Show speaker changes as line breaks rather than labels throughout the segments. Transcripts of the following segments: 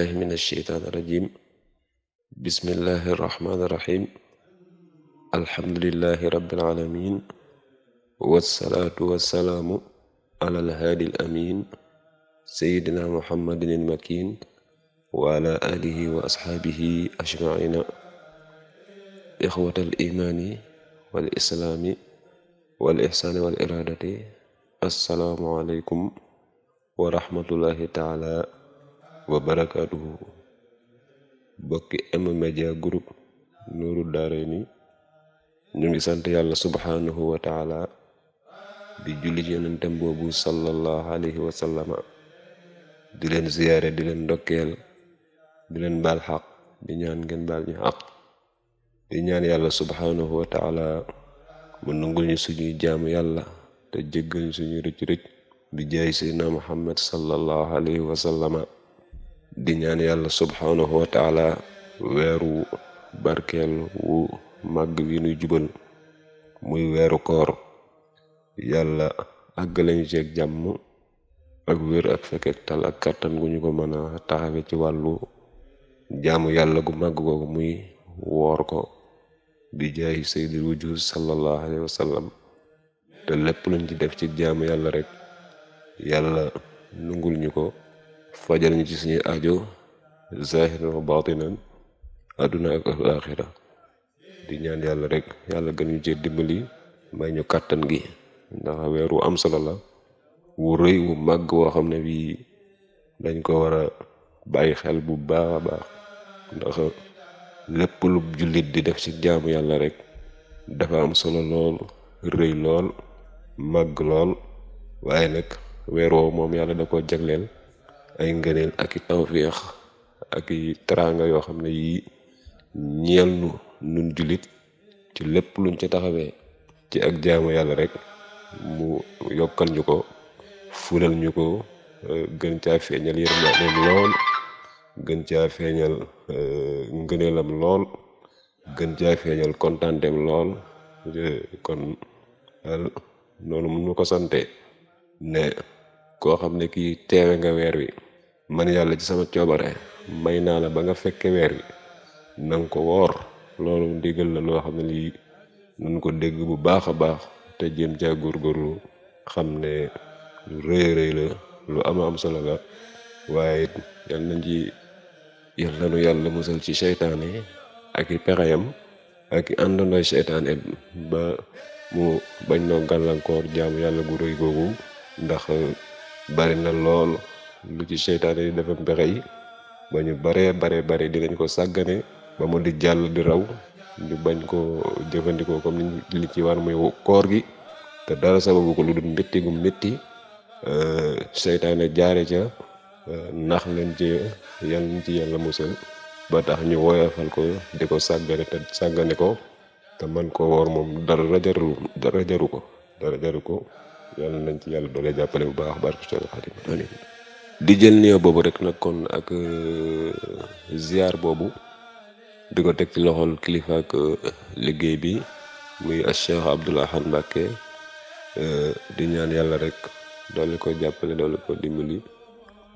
billahi min alsheitaan irrajim bismillahi irrahmaani irrahim alhamdulilahi rabilalamin wassalaatu wassalaamu ala alhaadi alamin sayidina muhammadin ilmakin wa ala alihi wa ashaabihi ajmaina ixwata alimaani wal islaami wal ixsaani wal iraadati assalaamu aleykum wa rahmatullahi taala wa barakaatuhu bokki M-Media Group Nuuru Daarayni ñu ngi sant yàlla subhaanahu wa taala di julli ci yonentem boobu sallallahu alayhi wa sallama di leen ziyaare di leen ndokkeel di leen baal xaq di ñaan ngeen baal ñu xaq di ñaan yàlla subhaanahu wa taala mu nangul ñu suñuy jaamu yàlla te jéggal ñu suñuy rëcc rëcc bi jaay seydna muhammad sallallahu alayhi wa di ñaan yàlla subhaanahu wa taala weeru barkeel wu màgg wi nu jubal muy weeru koor yàlla àggalañu ceeg jàmm ak wér ak fekkeek tal ak kàttan gu ñu ko mën a taxawe ci wàllu jaamu yàlla gu màgg googu muy woor ko di jaayi sayyidil wujud sallallahu alayhi wa te lépp luñ ci def ci jaamu yàlla rek yàlla nungul ñu ko fajal ñu ci suñuy aajo zahiran wa batinan adduna ak alaaxira di ñaan yàlla rek yàlla gën ñu cee dimbali may ñu kàttan gi ndax weer wu am solo la wu rëy wu màgg woo xam ne bii dañ ko war a bàyyi xel bu baax a baax ndax lépp lu jullit di def ci jaamu yàlla rek dafa am solo lool rëy lool màgg lool waaye nag weer woowu moom yàlla da ko jagleel ay ngëneel ak i tawféex ak i teraanga yoo xam ne yii ñeel nu nun jullit ci lépp luñ ci taxawee ci ak jaamu yàlla rek mu yokkal ñu ko fulal ñu ko euh, gën caa feeñal yërmandeem lool gën caa euh, lool gën caa feeñal kontaanteem lool kon daal noonu mun ko sante ne koo xam ne kii teewe nga weer wi man yàlla ci sama coobare may naa la ba nga fekke weer wi na ko woor loolu ndigal la loo xam ne lii nañ ko dégg bu baax a baax te jéem caa góorgóorlu xam ne lu rëy rëy la lu ama am solo la waaye yal nañ ci yal nañu yàlla musal ci seytaane ak i pexeyam ak i àndandoo seytaane ba mu bañ noo gàllankoor jaamu yàlla gu rëy googu ndax bari na lool lu ci seytaane di defam pexe yi ba ñu baree baree bare dinañ ko sàggane ba mu di jàll di raw ñu bañ ko jëfandikoo comme li ci war muy koor gi te dara sababu ko lu dul métti gu métti euh, seytaane jaare ca euh, nax lañ ci yan ci yàlla musal ba tax ñu woyofal ko di ko sàggane ta sàggane ko te man ko woor moom dara jaru dara jaru ko dara jaru ko yàlla nañ ci yàlla doole jàppale bu baax barke Seex Xaadim di jël nuyoo boobu rek nag kon ak euh, ziar boobu di ko teg ci loxol kilifa euh, liggéey bi muy Cheikh Abdoul Ahad Mbacké euh, di ñaan yàlla rek doole ko jàppale doole ko dimbali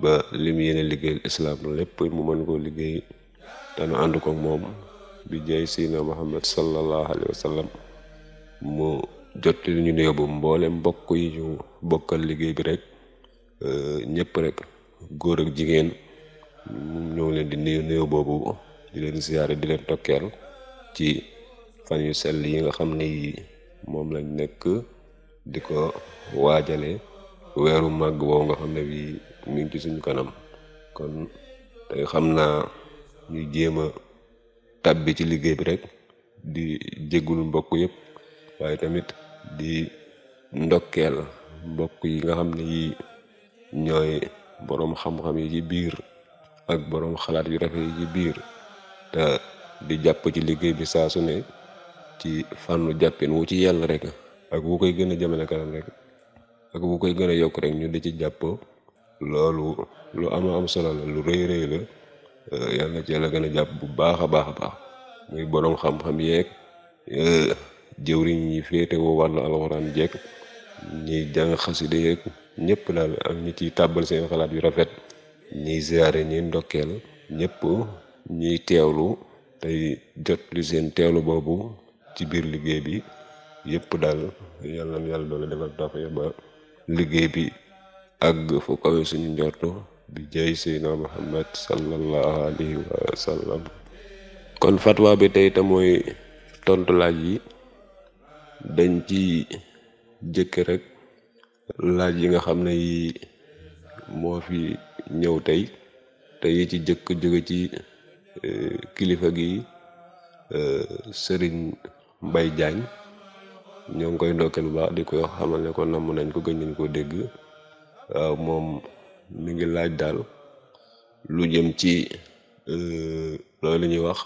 ba li mu liggéeyal islam lépp mu mën koo liggéey dana ànd ko moom bi jaay sina Muhammad sallallahu alayhi wa mu jot li ñu nuyoo bu mboolem mbokk yi ñu bokkal liggéey bi rek ñëpp rek góor ak jigéen ñoo ngi leen di nuyu nuyu boobu di leen ziyaare di leen tokkeel ci fan yu sell yi nga xam ne yi moom lañ nekk di ko waajale weeru màgg boobu nga xam ne bi mi ngi suñ kanam kon tey xam naa ñu jéem a tàbbi ci liggéey bi rek di jéggul mbokk yëpp waaye tamit di ndokkeel mbokk yi nga xam ne yi ñooy boroom xam-xam yi ci biir ak boroom xalaat yu rafet yi ci biir te di jàpp ci liggéey bi saasu ne ci fànnu jàppin wu ci yàlla rek ak wu koy gën a jëmale kanam rek ak wu koy gën a yokk rek ñu di ci jàpp loolu lu ama am solo la lu rëy rëy la eh, yàlla na ci yàlla gën a jàpp bu baax a baax a baax muy boroom xam-xam yeeg eh, jëwriñ yi féete woo wàllu alxuraan jekk ñiy jàng xasida yeeg ñëpp daal ak ñi ciy tàbbal seen xalaat yu rafet ñiy ziare ñiy ndokkeel ñëpp ñiy teewlu tey jot seen teewlu boobu ci biir liggéey bi yëpp daal yàlla na yàlla doole defal tawfeex ba liggéey bi àgg fu kawe suñu njorto bi jay seydina muhammad sallallahu alayhi wa kon fatwa bi tey te mooy tontu laaj yi dañ ci jëkk rek laaj yi nga xam ne yi moo fi ñëw tey te yi ci jëkk jóge ci e, kilifa gi e, sëriñ Mbay Jaañ ñoo ngi koy ndokkeel bu baax di koy xamal ne ko namm nañ ko gëj nañ koo dégg waaw e, moom mu ngi laaj daal lu jëm ci loolu ñuy wax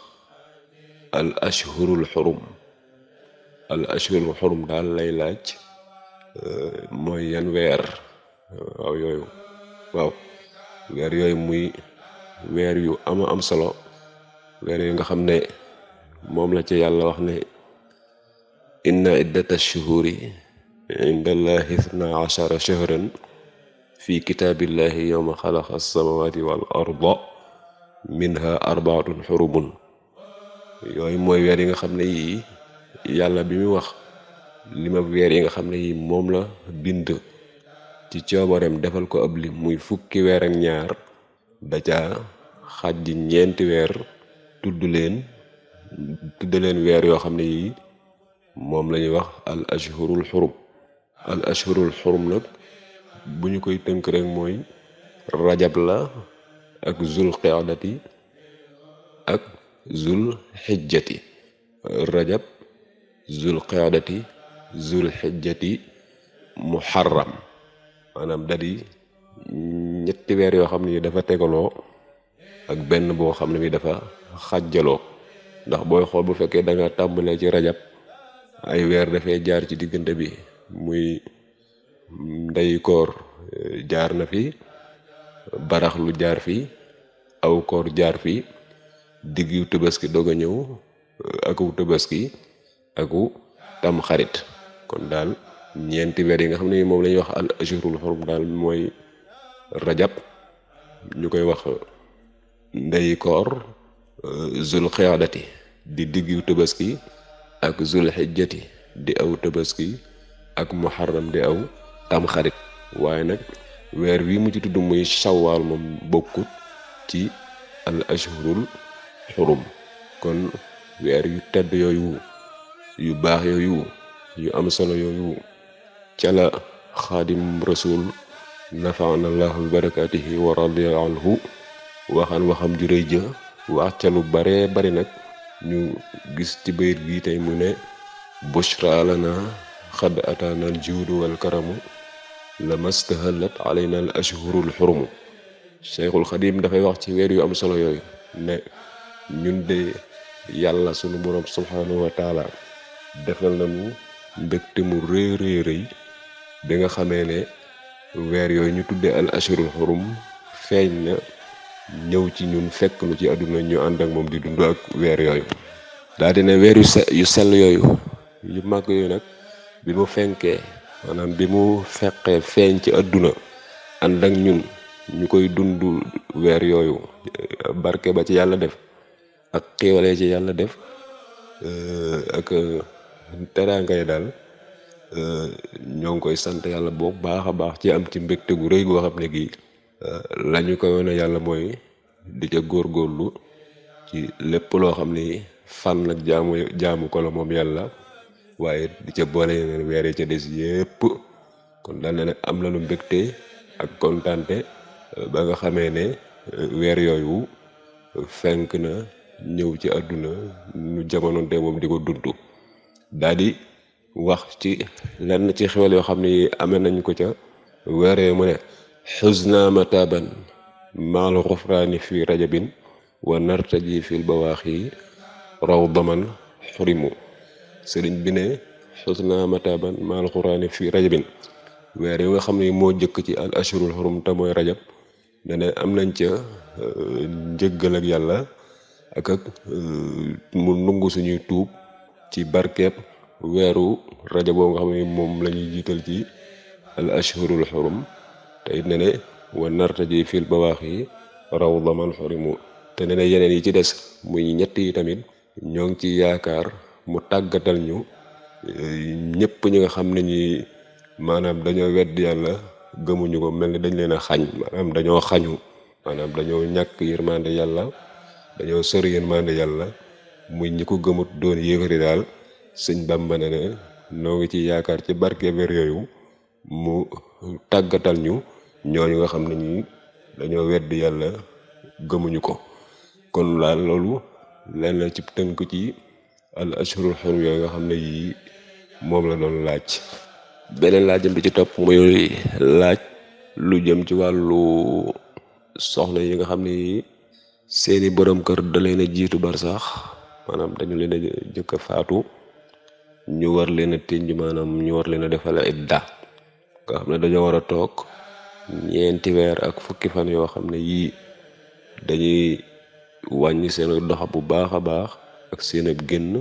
al ashhurul xurum al ashhurul xurum daal lay laaj Euh, mooy yan weer euh, waaw yooyu waaw weer yooyu muy weer yu ama am solo weer yu nga xam ne moom la ci yàlla wax ne inna iddata shuhuri inda allahi isna ashara shahran fi kitaabillahi yowma xalaqa alsamawati wal arda yooyu mooy weer yi nga xam ne yii yàlla bi muy wax limab weer yi nga xam ne yi moom la bind ci coobareem defal ko ab lim muy fukki weer ak ñaar da xaj ji ñeenti weer tudd leen tudd leen weer yoo xam ne yi moom lañuy wax al ashhurul xurum al ashhurul xurum nag bu ñu koy tënk rek mooy rajab la ak zul qeadati ak zul xijjati rajab zul qeadati zul xijjati muharram maanaam dadi ñetti weer yoo xam ne dafa tegaloo ak benn boo xam ne mi dafa xàjjaloo ndax booy xool bu fekkee danga nga tàmbalee ci rajab ay weer dafay jaar ci diggante bi muy ndey koor eh, jaar na fi baraxlu jaar fi aw koor jaar fi diggu tabaski doog a ñëw eh, aku tabaski aku tam xarit kon daal ñeenti weer yi nga xam ne moom la wax al ashurul xurum daal mooy rajab ñu koy wax ndey koor euh, zul xiyaadati di diggu tabaski ak zul xijjati di aw tabaski ak muharram di aw tamxarit waaye nag weer wi mu ci tudd muy sawaal moom bokkut ci al ashurul xurum kon weer yu tedd yooyu yu baax yooyu yu am solo yooyu ca la xaadim rasul nafaana allahu bi barakaatihi wa waxaan waxam ju rëy wax calu lu baree bari nag ñu gis ci bayit bi tey mu ne bushra lana xad ataana al juudu wal karamu lama stahalat alayna al ashhuru al xurumu cheikhul xadim dafay wax ci weer yu am solo yooyu ne ñun de yàlla sunu borom subhanahu wa taala defal nañu mbégte mu rëy rëy rëy bi nga xamee ne weer yooyu ñu tuddee al ashurul xurum feeñ na ñëw ci ñun fekk nu ci àdduna ñu ànd ak moom di dund ak weer yooyu daa ne weer yu se sell yooyu yu mag yooyu nag bi mu fenkee maanaam bi mu feqee feeñ ci àdduna ànd ak ñun ñu koy dund weer yooyu barke ba ci yàlla def ak xéewalee ci yàlla def euh, teraanga yi daal euh, ñoo ngi koy sant yàlla bu baax a baax ci am ci mbégte gu rëy goo xam ne gi euh, la ñu ko wone yàlla mooy di ca góorgóorlu ci lépp loo xam ne fan nag jaamu jaamu ko la moom yàlla waaye di ca boole ca des kon daal ne am na mbégte ak kontante euh, ba nga xamee ne weer yooyu fenk na ñëw ci àdduna nu jamono te moom di ko dund daadi di wax ci lenn ci xewal yoo xam ne amee nañ ko ca weeree mu ne xusna mataban maal xufraani fi rajabin wa nartaji fil bawaaxi raw daman xurimu sëriñ bi ne xusna mataban maal xufraani fi rajabin weer yi nga xam ne moo jëkk ci al ashurul xurum te mooy rajab ne am nañ ca euh, njëggal ak yàlla ak euh, mu nungu suñuy tuub ci barkeeb weeru rajo boobu nga xam ne moom lañuy jiital ci al ashhurul xurum te it ne ne wa nartaji fil bawaaxi rawda man te ne ne yeneen yi ci des muy ñett yi tamit ñoo ngi ci yaakaar mu tàggatal ñu ñëpp ñu nga xam ne ñi maanaam dañoo wedd yàlla gëmuñu ko mel ni dañ leen a xañ maanaam dañoo xañu maanaam dañoo ñàkk yërmande yàlla dañoo sori yërmande yàlla mu ñu ko gëmut doon yéefari daal sëñ Bàmba ne na noo ngi ci yaakaar ci barke ber yooyu mu tàggatal ñu ñooñu nga xam ne ñi dañoo wedd yàlla gëmuñu ko kon laal loolu lenn ci tënk ci al ashurul xurum yooyu nga xam ne yii moom la doon laaj beneen laajam bi ci topp muy laaj lu jëm ci wàllu soxna yi nga xam ne seeni borom kër da leen a jiitu bar sax maanaam dañu leen a jëkk faatu ñu war leen a tënj maanaam ñu war leen a defal idda nga xam ne dañoo war a toog ñeenti weer ak fukki fan yoo xam ne yii dañuy wàññi seen doxa bu baax a baax ak seen ak génn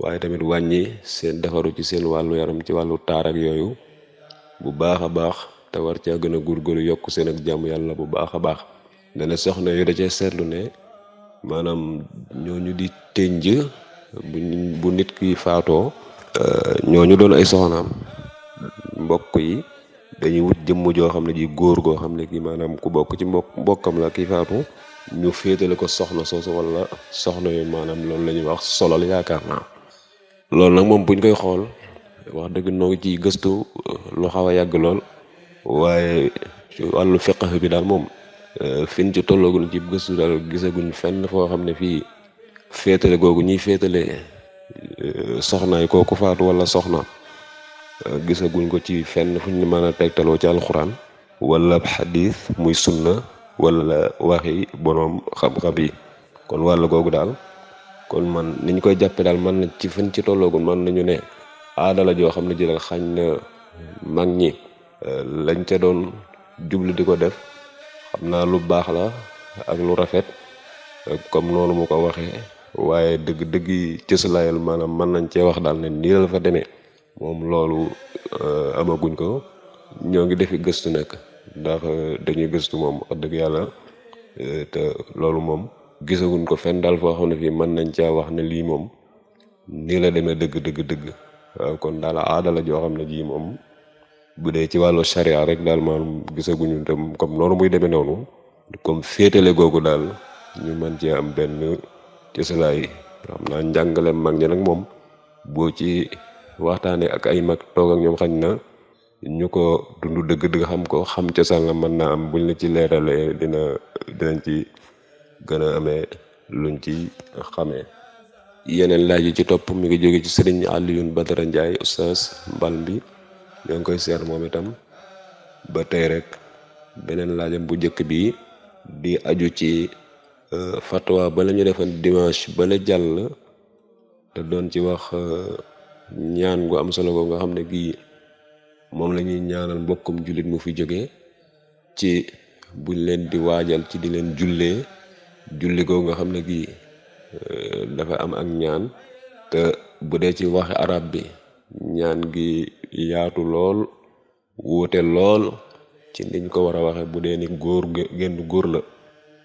waaye tamit wàññi seen defaru ci seen wàllu yaram ci wàllu taarak yooyu bu baax a baax te war caa gën a góorgóorlu yokk seen ak jàmm yàlla bu baax a baax dana soxna yu da cee seetlu ne maanaam ñooñu di tënj bu nit ki faatoo euh, ñoo ñu doon ay soxnaam mbokk yi dañuy wut jëmm joo xam ne ji góor goo xam ne kii maanaam ku bokk ci mbokk mbokkam la kii faatu ñu féetale ko soxna soosu wala soxna yu maanaam loolu lañuy ñuy wax solal yaakaar naa loolu nag moom buñ koy xool wax dëgg noo ngi ciy gëstu euh, lu xaw a yàgg lool waaye ci wàllu fiqh bi daal moom euh, fin ci tollaguñ ci gëstu daal gisaguñ fenn foo xam ne fii féetale googu ñuy féetale ko euh, kooku walla soxna soxnaam euh, gisaguñ ko ci fenn fu ñu mën a tegtaloo ci alxuraan wala xadis muy sunna wala waxi boroom xam-xam yi kon wàll googu daal kon man niñ koy jàppe daal man na ci fan ci tolloogul man nañu ne aadala joo xam ne jëlal xañ na mag ñi euh, lañ ca doon jublu di ko def xam naa lu baax la ak lu rafet comme noonu mu ko waxee waaye dëgg dëgg cësalaayal maanaam mën nañ cee wax daal ne nii la fa demee moom loolu euh, amaguñ ko ñoo ngi defi gëstu nag ndax euh, dañuy gëstu moom wax dëgg yàlla euh, te loolu moom gisaguñ ko fenn daal foo xam ne fii mën nañ caa wax ne lii moom nii la demee dëgg dëgg dëgg kon daal aada la joo xam ne jii moom bu dee ci wàllu charia rek daal maanaam gisaguñu tam comme noonu muy demee noonu comme féetale googu daal ñu mën cee am benn cësalaay xam naa njàngale mag ñi nag moom boo ci waxtaanee ak ay mag toog ak ñoom xañ na ñu ko dund dëgg dëgg xam ko xam cosaan la man naa am buñ la ci leeralee dina dinañ ci gën amee luñ ci xamee yeneen laaj yi ci topp mu ngi jóge ci sëriñ Alioune Badara njaay oustaz mbal bi ñoo ngi koy seer moom itam ba tey rek beneen laajam bu njëkk bi di aju ci Euh, fatwa ba la ñu defoon dimanche ba la jàll te doon ci wax euh, ñaan gu am solo ko nga xam ne gii moom lañuy ñuy ñaanal mbokkum jullit mu fi jóge ci buñ leen di waajal ci di leen jullee julli ko nga xam ne gi euh, dafa am ak ñaan te bu dee ci waxi arab bi ñaan gi yaatu lool wuute lool ci niñ ko war a waxee bu dee ni góor génn góor la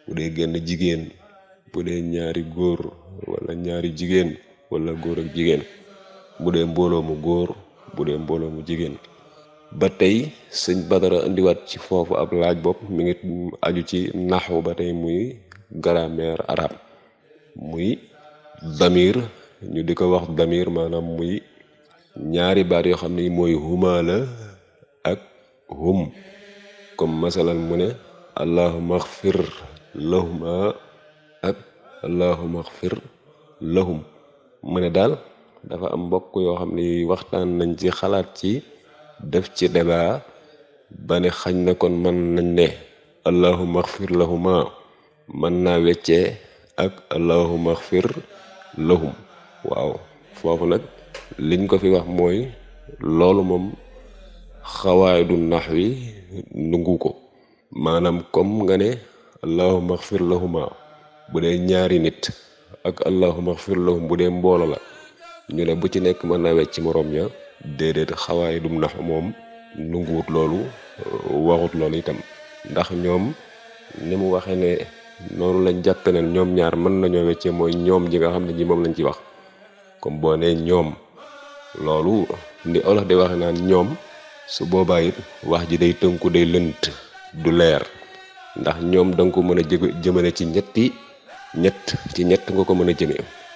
bu dee genn jigéen bu dee ñaari góor wala ñaari jigéen walla góor ak jigéen bu dee mbooloo mu góor bu dee mbooloo mu jigéen ba tey sëñ Badara indiwaat ci foofu ab laaj bopp mi ngi aju ci naxwu ba tey muy grammaire arab muy damiir ñu di ko wax damir maanaam muy ñaari baat yoo xam ne mooy huma la ak hum comme masalan mu ne allahumma xfir lahuma ak allahuma xfir lahum mu ne daal dafa am mbokk yoo xam ne yuy waxtaan nañ ci xalaat ci def ci débat ba ne xañ na kon mën nañ ne allahuma xfir lahuma mën naa weccee ak allahuma xfir lahum waaw foofu nag liñ ko fi wax mooy loolu moom xawaay du nax wi nungu ko maanaam kom nga ne allahuma xfir lahuma bu dee ñaari nit ak allahuma xfir lahum bu dee mboolo la ñu ne bu ci nekk mën na wecc moroom ya déedéet xawaay dum ndax moom nunguwut loolu euh, waxut loolu itam ndax ñoom ni mu waxe ne loolu lañ jàppe ne ñoom ñaar mën nañoo weccee mooy ñoom ji nga xam ne ñi moom lañ ci wax comme boo nee ñoom loolu ni olof de waxe naan ñoom su boobaa it wax ji day tënku day lënt du leer ndax ñoom da ko mën a jë jëmale ci ñetti ñett ci ñett nga ko mën a jëme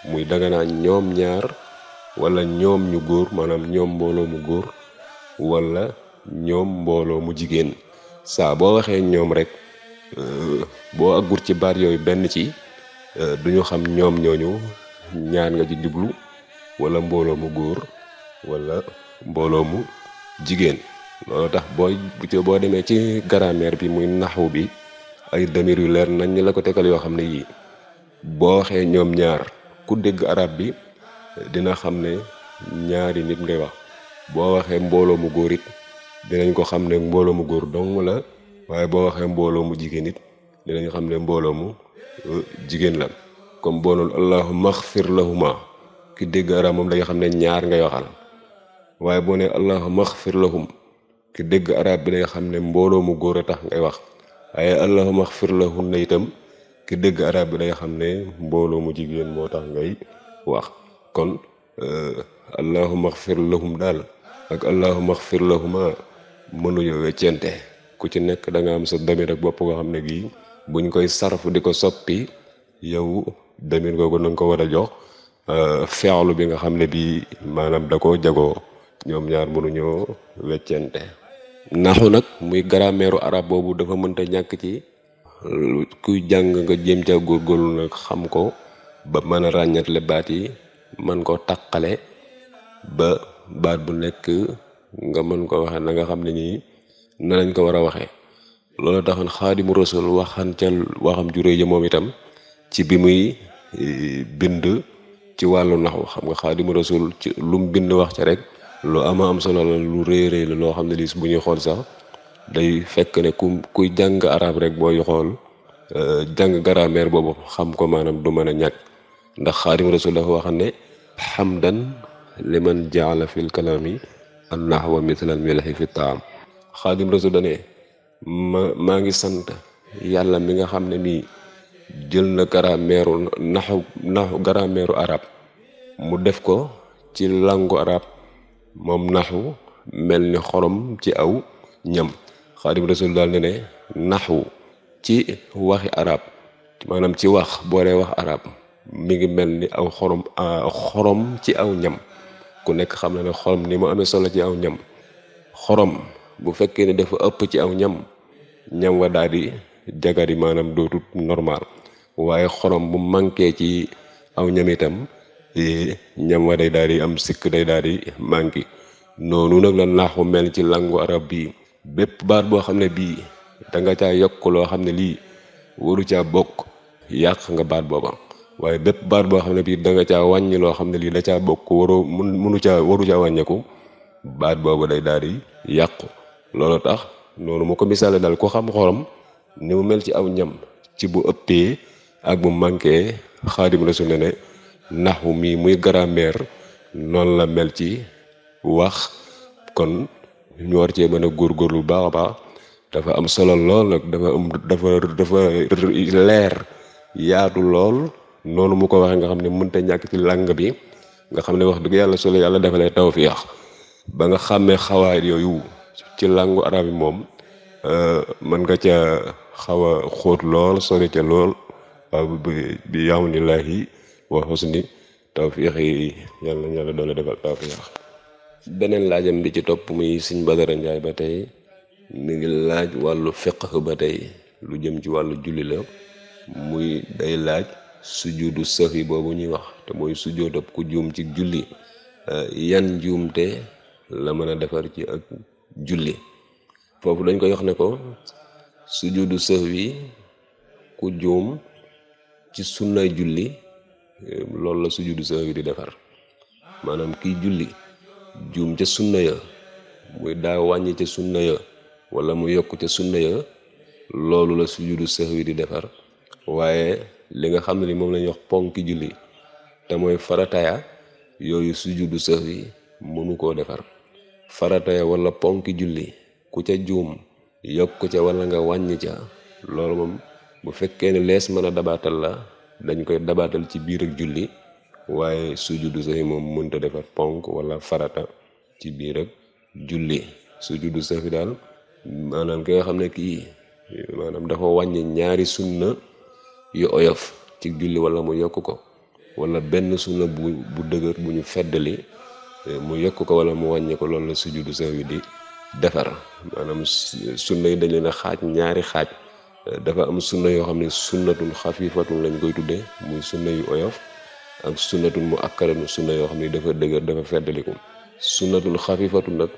muy danga naan ñoom ñaar wala ñoom ñu góor maanaam ñoom mbooloo mu góor walla ñoom mbooloo mu jigéen saa boo waxee ñoom rek euh, boo ci baat yooyu benn ci euh, duñu xam ñoom ñooñu ñaar nga ci wala mbooloo mu góor wala mbooloo jigéen loolu tax booy boo demee ci grammaire bi muy naxu bi ay damir yu leer nañ ñi la ko tegal yoo xam ne yii boo waxee ñoom ñaar ku dégg arab bi dina xam ne ñaari nit ngay wax boo waxee mbooloo mu góor it dinañ ko xam ne mbooloo mu góor dong la waaye boo waxee mbooloo mu jigéen it dinañ xam ne mbooloo mu euh, jigéen la comme boo noonu allahumma axfir lahuma ki dégg arab moom da xam ne ñaar ngay waxal waaye boo ne allahumma axfir lahum ki dégg arab bi da xam ne mbooloo mu góor a tax ngay wax waaye allahuma xfir na itam ki dégg arab bi day xam ne mbooloo mu jigéen moo tax ngay wax kon euh, allahuma xfir lahum daal ak allahuma xfir lahuma mënuñu weccente ku ci nekk da nga am sa damir ak bopp nga xam ne gii buñ koy sarf di ko soppi yow damir googu na nga ko war a jox euh, feexlu bi nga xam ne bii maanaam da ko jagoo ñoom ñaar mënuñoo weccente naxu nag muy garaameeru arab boobu dafa mënta ñàkk ci kuy jàng nga jëm ca góorgóorlu nag xam ko ba mën a ràññatle baat yi mën koo taqale ba baat bu nekk nga mën koo waxe na nga xam ne nii na lañ ko war a waxee loolu taxoon xaadimu rasul waxan ca waxam juré ja moom itam ci bi muy eh, bind ci wàllu naxu xam nga xaadimu rasul ci lu bind wax ca rek lu ama am solo la lu rëy rëy loo xam ne lii bu ñuy xool sax day fekk ne ku kuy jàng arab rek boo xool euh, jàng grammaire boobu xam ko maanaam du mën a ñàkk ndax xaadim rasul dafa wax ne xamdan liman jaala fil kalami an nahwa mithlal milhi fi taam xaadim rasul dane ma maa ngi sant yàlla mi nga xam ne nii jël na grammaire naxu naxu arab mu def ko ci langu arab moom naxwu mel ni xorom ci aw ñam xaadim rasul daal ne ne naxwu ci waxi arab maanaam ci wax boo dee wax araab mu ngi mel ni aw xorom xorom ci aw ñam ku nekk xam na ne xorom ni mu amee solo ci aw ñam xorom bu fekkee ne dafa ëpp ci aw ñam ñam wa daal di jagari maanaam dootut normal waaye xorom bu manqué ci aw ñam itam ñam wa day daal di am sikk day daal di manqué noonu nag la naax mu mel ci langu arab bi bépp baat boo xam ne bii da nga caa yokk loo xam ne lii waru caa bokk yàq nga baat booba waaye bépp baat boo xam ne bii da nga wàññi loo xam ne lii da caa bokk waroo mun munu caa waru caa wàññeeku baat boobu day daal di yàqu loolu tax noonu mu ko misaale daal ku xam xorom ni mu mel ci aw ñam ci bu ëppee ak bu manqué xaadim rasul ne ne naxu mii muy grammaire noonu la mel ci wax kon ñu war cee mën a góor bu baax a baax dafa am solo lool nag dafa am dafa dafa leer yaatu lool noonu mu ko waxee nga xam ne mënta ñàkk ci làng bi nga xam ne wax dëgg yàlla solo yàlla dafa fi tawfiix ba nga xàmmee xawaa yooyu ci làngu arab bi moom euh, mën nga ca xaw a xóot lool sori ca lool bi bi wa husni tawfiixi yal nañu yàlla doole defal tawfiix beneen laajam bi ci topp muy sëñ Badara Njaay ba tey mu ngi laaj wàllu fiqh ba tey lu jëm ci wàllu julli la muy day laaj sujudu yi boobu ñuy wax te mooy sujjóotab ku juum ci julli eh, yan juumte la mën a defar ci ak julli foofu dañ koy wax ne ko sujudu sahwi ku juum ci sunna julli loolu la sujudu sahwi di defar maanaam kiy julli juum ca sunna ya muy daa wàññi ca sunna ya wala mu yokk ca sunna ya loolu la sujudu wi di defar waaye li nga xam ne ni moom la ñuy wax ponki julli te mooy farataya yooyu sujudu sahwi mënu koo defar farataya wala ponki julli ku ca juum yokk ca wala nga wàññi ca loolu moom bu fekkee ne lees mën a dabaatal la dañ koy dabaatal ci biir ak julli waaye sujudu sahi moom mun mënta defar ponk wala farata ci biir ak julli sujudu sahi daal maanaam ki xam ne kii maanaam dafa wàññi ñaari sunna yu oyof ci julli wala mu yokk ko wala benn sunna bu dëgër bu ñu feddali eh, mu yokk ko wala mu wàññi ko loolu la sujudu sahwi di defar maanaam sunna yi dañ leen a xaaj ñaari xaaj dafa am sunna yoo xam ne sunnatun xafifatun lañ koy tuddee muy sunna yu oyof ak sunnatun mu akkaranu sunna yoo xam ne dafa dëgër dafa feddaliku sunnatun xafifatun nag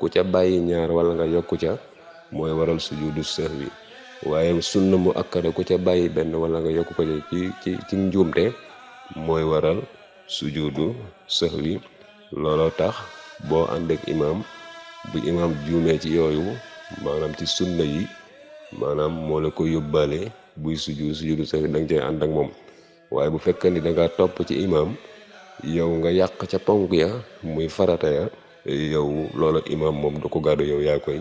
ku ca bàyyi ñaar walla nga yokku ca mooy waral sujudu sahwi waaye sunna mu akkara ku ca bàyyi benn wala nga yokku ko ci ci ci njuumte mooy waral sujudu sahwi looloo tax boo ànd ak imaam bu imaam juumee ci yooyu maanaam ci sunna yi maanaam moo la ko yóbbaale buy sujud sujudu sa da danga cay ànd ak moom waaye bu fekkee ni da nga topp ci imaam yow nga yàq ca ponk ya muy farata ya yow loola imaam moom du ko gàddu yow yaa koy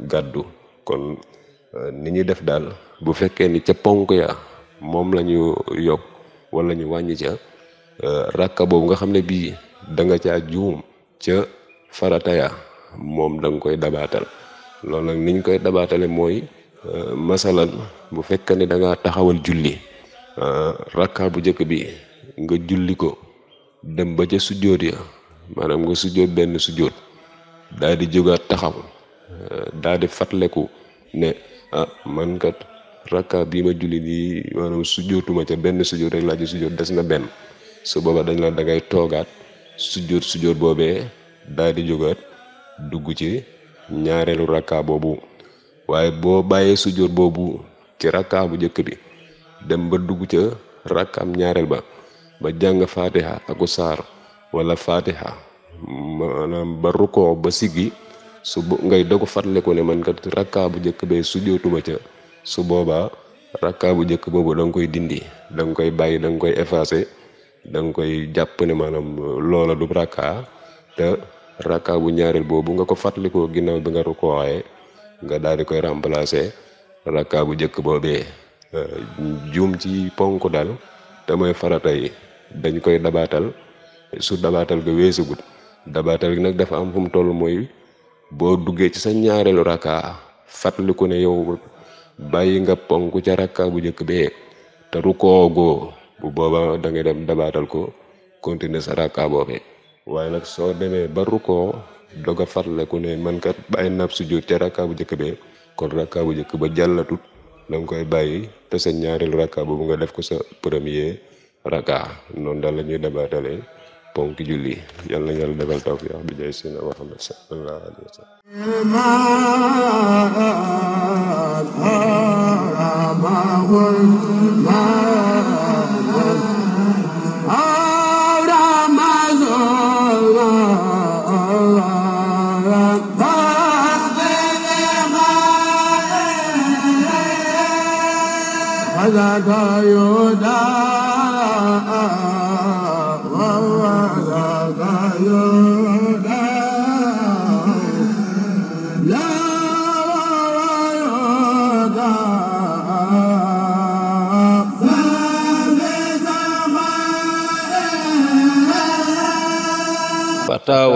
gàddu kon euh, ni ñuy def daal bu fekkee ni ca ponk ya moom la ñu yokk wala ñu wàññi ca euh, rakka boobu nga xam ne bii danga nga caa juum ca farata ya moom danga koy dabaatal loolu nag ni koy dabaatale mooy masalan bu fekkee ni da taxawal julli ah, rakka bu njëkk bi nga julli ko dem ba ca sujjóot ya maanaam nga sujjóot benn sujjóot daal di jógaat taxaw ah, daal di fatleku ne ah man kat rakka bii ma julli di maanaam sujjóotuma ca benn sujjóot rek laa ci sujjóot des na benn su booba dañ la da ngay toogaat sujjóot sujjóot boobee daal di jógaat dugg ci ñaareelu rakka boobu waaye boo bàyyee sujjóot boobu ci rakkaam bu njëkk bi dem ba dugg ca rakkaam ñaareel ba ba jàng faatiha aku saar wala faatiha maanaam ba rukkoo ba siggi su ngay dogu fàttaliku ne man kat rakkaa bu njëkk bee sujjóotuma ca su boobaa rakkaa bu njëkk boobu da koy dindi danga koy bàyyi danga koy effacé da koy jàpp ne maanaam loola du rakkaa te rakkaa bu ñaareel boobu nga ko fàttalikoo ginnaaw bi nga rukkoo waaye nga daal di koy remplacer rakka bu njëkk boobee euh, jum ci ponk daal te mooy farata dañ koy dabaatal su dabaatal ga weesugut dabaatal gi nag dafa am fu mu toll mooy boo duggee ci sa ñaareelu rakka fàttaliku ne yow bàyyi nga ponk ca rakka bu njëkk bee te rukkoo goo bu booba da ngay dem dabaatal ko continuer sa rakka boobee waaye nag soo demee ba rukkoo doog a farleku ne man kat bàyyi naab sujjóot ca rakkaa bu njëkk bee kon rakkaa bu njëkk ba jàllatut da nga koy bàyyi te sa ñaareelu rakkaa boobu nga def ko sa premier rakkaa noonu daal la ñuy dabaatale ponk julli yàlla na yàlla defal tawfiq bi jaay sina Muhammad sallallahu alayhi wa ذاك يودا وهو ذاك يودا لا وهو يودا فتاوى